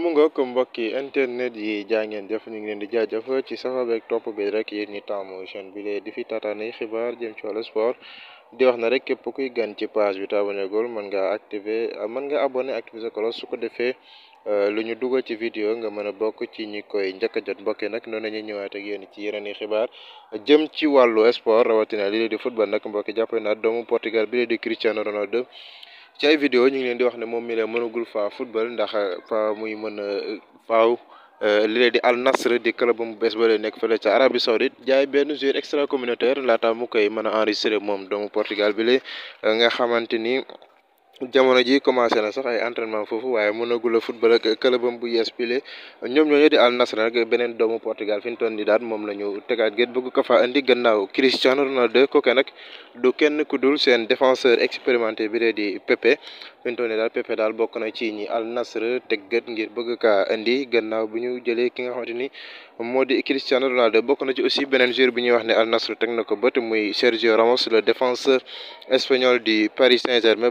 mu nga ko mbokki internet yi jaa ngeen jëf leen di jaajëf ci safa beeg topp bi rek yéen ni taamu chaîne bi lee di fi taataanay xibaar jëm ci wàllu sport di wax na képp kuy gan ci page bi te abonné gul mën nga activé mën nga abonné su ko defee euh, lu ñu dugal ci vidéo nga mën a bokk ci ñi koy njëkk jot mbokki nag noonu la ñuy ñëwaat ak ci yeneen i xibaar jëm ci wàllu sport rawatina lii di football nag mbokki jàppee naa doomu Portugal bi lee di Cristiano Ronaldo ci ay vidéo ñu ngi di wax ne moom mi la mënagul fa football ndax euh, fa muy mën a euh, faaw euh, li di Al Nassr di club bu bees ba nekk fële ca Arabie Saoudite jaay benn joueur extra communautaire laata mu koy mën a enregistré moom doomu Portugal bi nga xamante ni. jamono ji commencé na sax ay entraînement foofu waaye mënagul a football ak këlëbam bu yees pile ñoom ñooñu di Al Nassr nag beneen doomu Portugal fi ñu toll moom la ñu tegaat gét bëgg ko fa andi gannaaw Cristiano Ronaldo kooke nag du kenn ku dul seen défenseur expérimenté bi ree di Pepe fi ñu toll nii daal Pepe daal bokk na ci ñi Al Nassr teg gët ngir bëgg kaa indi gannaaw bu ñu jëlee ki nga xamante ni moo di Cristiano Ronaldo bokk na ci aussi beneen joueur bi ñuy wax ne Al teg na ko bët muy Sergio Ramos le défenseur espagnol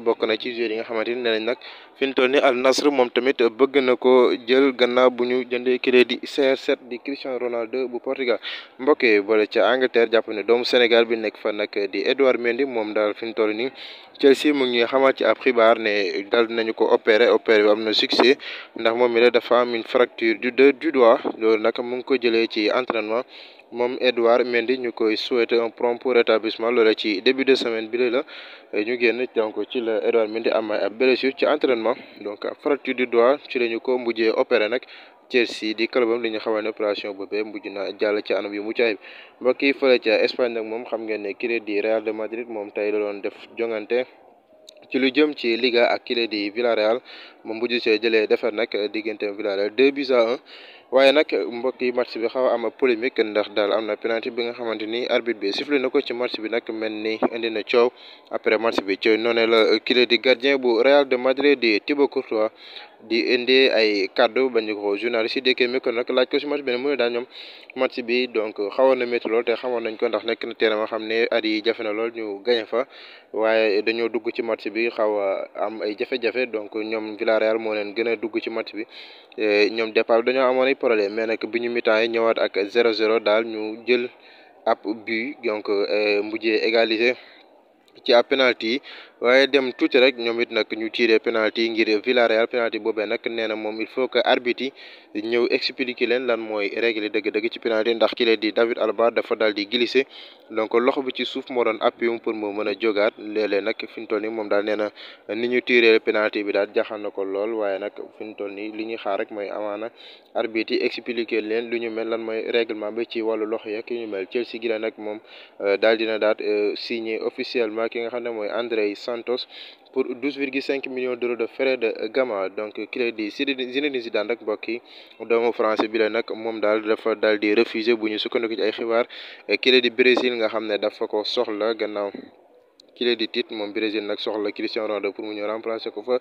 bokk na ci joueurs yi nga xamante ni nee nag fi ñu toll ni Al Nasr moom tamit bëgg na ko jël gannaaw bu ñu jëndee kile di CR7 di Cristiano Ronaldo bu Portugal mbokk yi boole ca Angleterre jàpp ne doomu Sénégal bi nekk fa nag di Edouard Mendy moom daal fi ñu toll nii Chelsea mu ngi xamaat ci ab xibaar ne dal nañu ko opéré opéré bi am na succès ndax moom mi la dafa am une fracture du deux du doigt loolu nag mu ngi ko jëlee ci entraînement moom Edouard Mendy ñu koy souhaiter un prompt rétablissement loola ci début de semaine bi la ñu génn donc ci la Edouard Mendy am ay blessure ci entraînement donc fracture du doigt ci la ñu ko mujjee opéré nag Chelsea di clubam li ñu xamal ne opération boobee mujj na jàll ci anam yu mucc ayib mbokk yi fële ca Espagne nag moom xam ngeen ne kii di Real de Madrid moom tey la def jongante. ci lu jëm ci Liga ak kii di Villarreal moom bu ñu see jëlee defar nag digganteem Villarreal 2 buts à waaye nag mbokk yi match bi xaw a am polémique ndax daal am na penalty bi nga xamante ni arbitre bi sifflé na ko ci match bi nag mel ni indi na coow après match bi coow noonu la kile di gardien bu Real de Madrid di Thibaut Courtois di indi ay kàddu bañ ko journaliste yi déggee mi ko nag laaj ko si match bi ne mu ne ñoom match bi donc xawoon na métti lool te xamoon nañ ko ndax nekk na terrain ma xam ne at yi jafe na lool ñu gañe fa waaye dañoo dugg ci match bi xaw a am ay jafe donc ñoom Villarreal moo leen gën dugg ci match bi eh, ñoom départ dañoo amoon problème mais nag bi ñu mi-temps yi ñëwaat ak 0 daal ñu jël ab but donc euh, mujjee égaliser ci ab penalti yi waaye dem tuuti rek ñoom it nag ñu tiré penalti ngir Villarreal penalti boobee nag nee na moom il faut que arbitre yi ñëw expliquer leen lan mooy règle dëgg-dëgg ci penalti ndax ki leen di David Alba dafa daal di glissé donc loxo bi ci suuf moo doon appui pour mu mën a jógaat léeg-léeg fi mu toll nii moom daal nee na ni ñu tiré penalti bi daal jaaxal na ko lool waaye nag mu toll nii li ñuy xaar rek mooy amaana arbitre yi expliquer leen lu ñu mel lan mooy règlement bi ci wàllu loxo yeeg yu ñu mel Chelsea gi la nag moom euh, daal dina daal euh, signé officiellement. également ki nga xam ne mooy Andrei Santos pour 12,5 millions d'euros de frais de gama donc ki lay di rek mbokk doomu français bi la nag moom daal dafa daal di refuser bu ñu sukkandiku ci ay xibaar ki lay di Brésil nga xam ne dafa ko soxla gannaaw. kile di titre moom Brésil nag soxla Cristiano Ronaldo pour mu ñu remplacer ko fa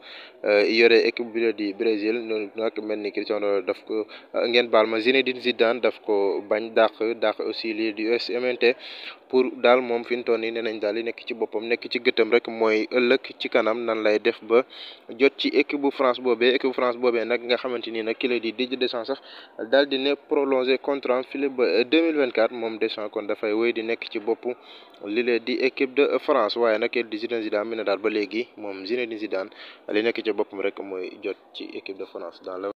euh, yore équipe bi la di Brésil noonu nag mel ni Cristiano Ronaldo daf ko euh, ngeen baal ma Zinedine Zidane daf ko bañ dàq dàq aussi lii di USMNT pour daal moom fi mu toll nii nee nañ daal li nekk ci boppam nekk ci gëtëm rek mooy ëllëg ci kanam nan lay def ba jot ci équipe bu France boobee équipe bu boobee nag nga xamante ni nag kile lay di Didier Deschamps sax daal di ne prolongé contrat fii ba 2024 euh, moom Deschamps kon dafay wéy di nekk ci bopp li lay di équipe de France waaye nag di Zinedine Zidane mi ne daal ba léegi moom Zinedine Zidane li nekk ci boppam rek mooy jot ci équipe de France daal